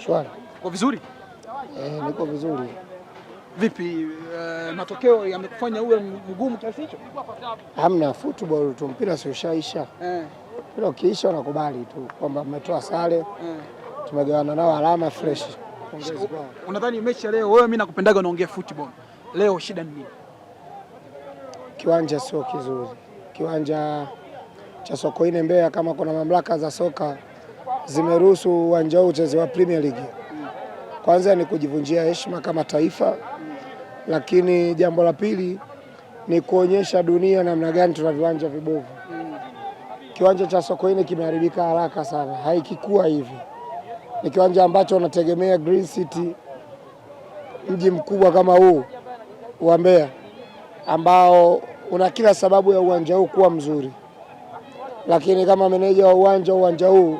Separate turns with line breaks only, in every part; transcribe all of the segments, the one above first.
Shwari. Uko vizuri? Eh, niko vizuri.
Vipi uh, matokeo yamekufanya uwe mgumu kiasi hicho?
Hamna, football tu, mpira sio shaisha eh. Mpira ukiisha unakubali tu kwamba mmetoa sare eh. Tumegawana nao alama fresh.
Unadhani mechi ya leo, wewe mimi nakupendaga, unaongea football leo, shida ni nini?
Kiwanja sio kizuri, kiwanja cha Sokoine Mbeya, kama kuna mamlaka za soka zimeruhusu uwanja huu uchezo wa Premier League. Kwanza ni kujivunjia heshima kama taifa, lakini jambo la pili ni kuonyesha dunia namna gani tuna viwanja vibovu. Kiwanja cha Sokoine kimeharibika haraka sana, haikikuwa hivi. Ni kiwanja ambacho unategemea Green City, mji mkubwa kama huu wa Mbeya ambao una kila sababu ya uwanja huu kuwa mzuri, lakini kama meneja wa uwanja uwanja huu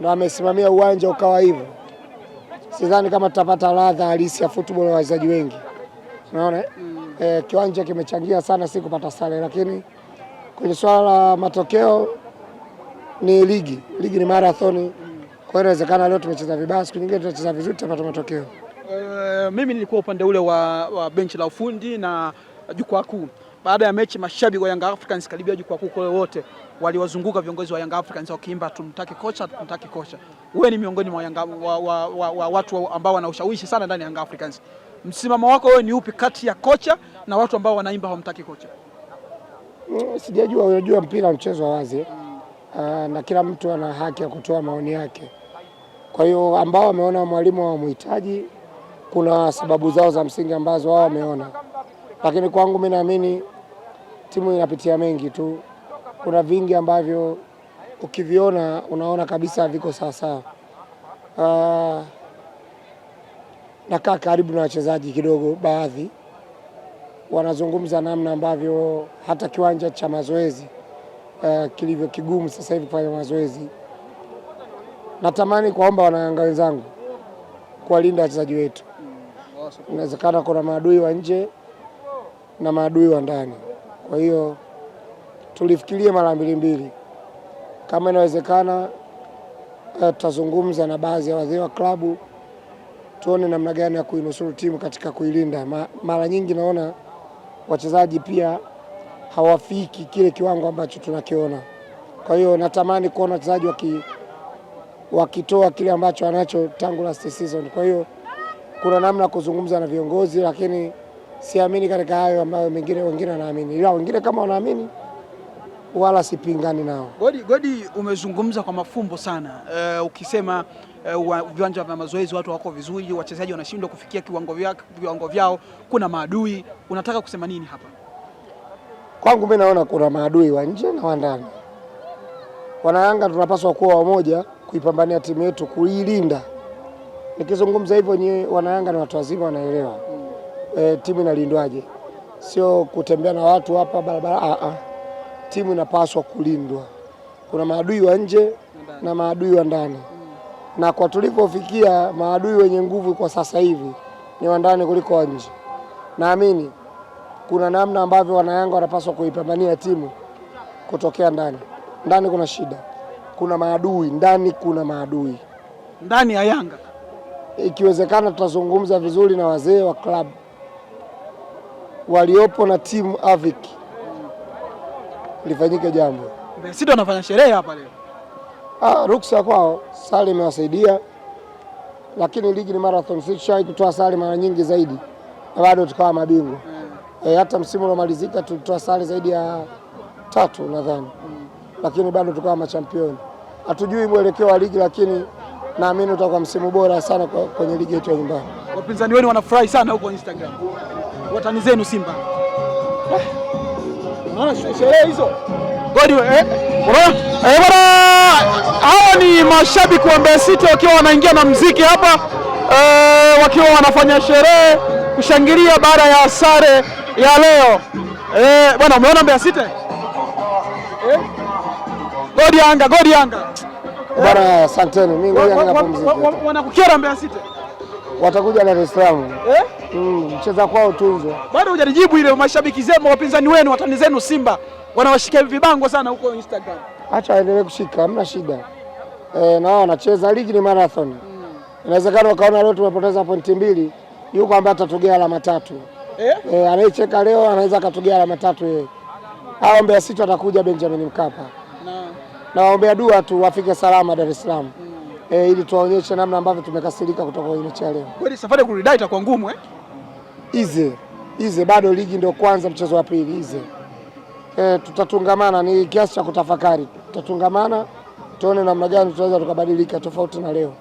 na amesimamia uwanja ukawa hivyo, sidhani kama tutapata ladha halisi ya football ya wachezaji wengi. Unaona mm. E, kiwanja kimechangia sana si kupata sare, lakini kwenye swala la matokeo ni ligi, ligi ni marathoni mm. Kwa hiyo inawezekana leo tumecheza vibaya, siku nyingine tutacheza vizuri, tutapata matokeo.
Uh, mimi nilikuwa upande ule wa, wa benchi la ufundi na jukwaa kuu baada ya mechi, mashabiki wa Young Africans karibia jukwaa kuu kule wote waliwazunguka viongozi wa Young Africans wakiimba tumtaki kocha, tumtaki kocha. Wewe ni miongoni mwa wa, wa, wa, wa, watu ambao wana ushawishi sana ndani ya Young Africans. Msimamo wako wewe ni upi kati ya kocha na watu ambao wanaimba hawamtaki kocha?
Mm, sijajua. Unajua mpira mchezo wa wazi mm. Ah, Aa, na kila mtu ana haki ya kutoa maoni yake. Kwa hiyo ambao wameona mwalimu hawamhitaji, kuna sababu zao za msingi ambazo wao wameona lakini kwangu mimi naamini timu inapitia mengi tu, kuna vingi ambavyo ukiviona unaona kabisa viko sawasawa. Uh, ah, nakaa karibu na wachezaji kidogo, baadhi wanazungumza namna ambavyo hata kiwanja cha mazoezi uh, kilivyo kigumu sasa hivi kufanya mazoezi. Natamani kuwaomba wanayanga wenzangu kuwalinda wachezaji wetu, inawezekana kuna maadui wa nje na maadui wa ndani. Kwa hiyo tulifikirie mara mbili mbili, kama inawezekana eh, tutazungumza na baadhi ya wazee wa klabu tuone namna gani ya kuinusuru timu katika kuilinda. Mara nyingi naona wachezaji pia hawafiki kile kiwango ambacho tunakiona. Kwa hiyo natamani kuona wachezaji waki, wakitoa kile ambacho anacho tangu last season. Kwa hiyo kuna namna ya kuzungumza na viongozi lakini siamini katika hayo ambayo mengine wengine wanaamini, ila wengine kama wanaamini wala sipingani nao.
Godi, Godi, umezungumza kwa mafumbo sana uh, ukisema uh, viwanja vya mazoezi watu wako vizuri, wachezaji wanashindwa kufikia kiwango, vyao, vyao, kuna maadui. Unataka kusema nini hapa?
Kwangu mimi naona kuna maadui wa nje na wa ndani. Wanayanga tunapaswa kuwa wamoja kuipambania timu yetu, kuilinda. Nikizungumza hivyo, nyie Wanayanga ni watu wazima, wanaelewa e, timu inalindwaje, sio kutembea na watu hapa barabara a ah, a, ah. timu inapaswa kulindwa. Kuna maadui wa nje na maadui wa ndani na kwa tulipofikia, maadui wenye nguvu kwa sasa hivi ni wa ndani kuliko wa nje. Naamini kuna namna ambavyo wanayanga wanapaswa kuipambania timu kutokea ndani. Ndani kuna shida, kuna maadui ndani, kuna maadui
ndani ya Yanga.
Ikiwezekana tutazungumza vizuri na wazee wa klabu waliopo na timu AVIC lifanyike jambo.
Sisi tunafanya sherehe hapa leo.
Ah, ruksa kwao, sare imewasaidia, lakini ligi ni marathon, sisi kutoa sare mara nyingi zaidi na bado tukawa mabingwa hmm. E, hata msimu uliomalizika tulitoa sare zaidi ya tatu nadhani mm. Lakini bado tukawa machampioni. Hatujui mwelekeo wa ligi, lakini naamini utakuwa msimu bora sana kwenye ligi yetu ya nyumbani.
Wapinzani wenu wanafurahi sana huko Instagram watani zenu Simba. Eh. Unaona sherehe hizo goli eh? Eh bwana, hawa ni mashabiki wa Mbeya City wakiwa wanaingia na mziki hapa eh, wakiwa wanafanya sherehe kushangilia baada ya sare ya leo eh, bwana umeona Mbeya City eh? Godi Yanga, godi Yanga eh.
bwana, asanteni. Mimi ngoja ninapumzika.
Wanakukera Mbeya City,
watakuja Dar es Salaam eh? mm, cheza kwao tuzo.
Bado hujalijibu ile mashabiki zenu, wapinzani wenu, watani zenu Simba wanawashikia vibango sana huko Instagram.
Acha waendelee kushika, hamna shida e, na wao wanacheza, ligi ni marathon mm. Inawezekana wakaona leo tumepoteza pointi mbili, yuko ambaye atatugea alama tatu eh? E, anayecheka leo anaweza akatugea alama tatu yeye. Hao Mbeya City watakuja Benjamin Mkapa na nawaombea dua tu wafike salama Dar es Salaam mm. E, ili tuwaonyeshe namna ambavyo tumekasirika kutoka kwenye mechi ya leo.
Kweli safari ya kurudi itakuwa ngumu eh?
ize ize, bado ligi ndio kwanza, mchezo wa pili ize. E, tutatungamana, ni kiasi cha kutafakari. Tutatungamana tuone namna gani tunaweza tukabadilika tofauti na leo.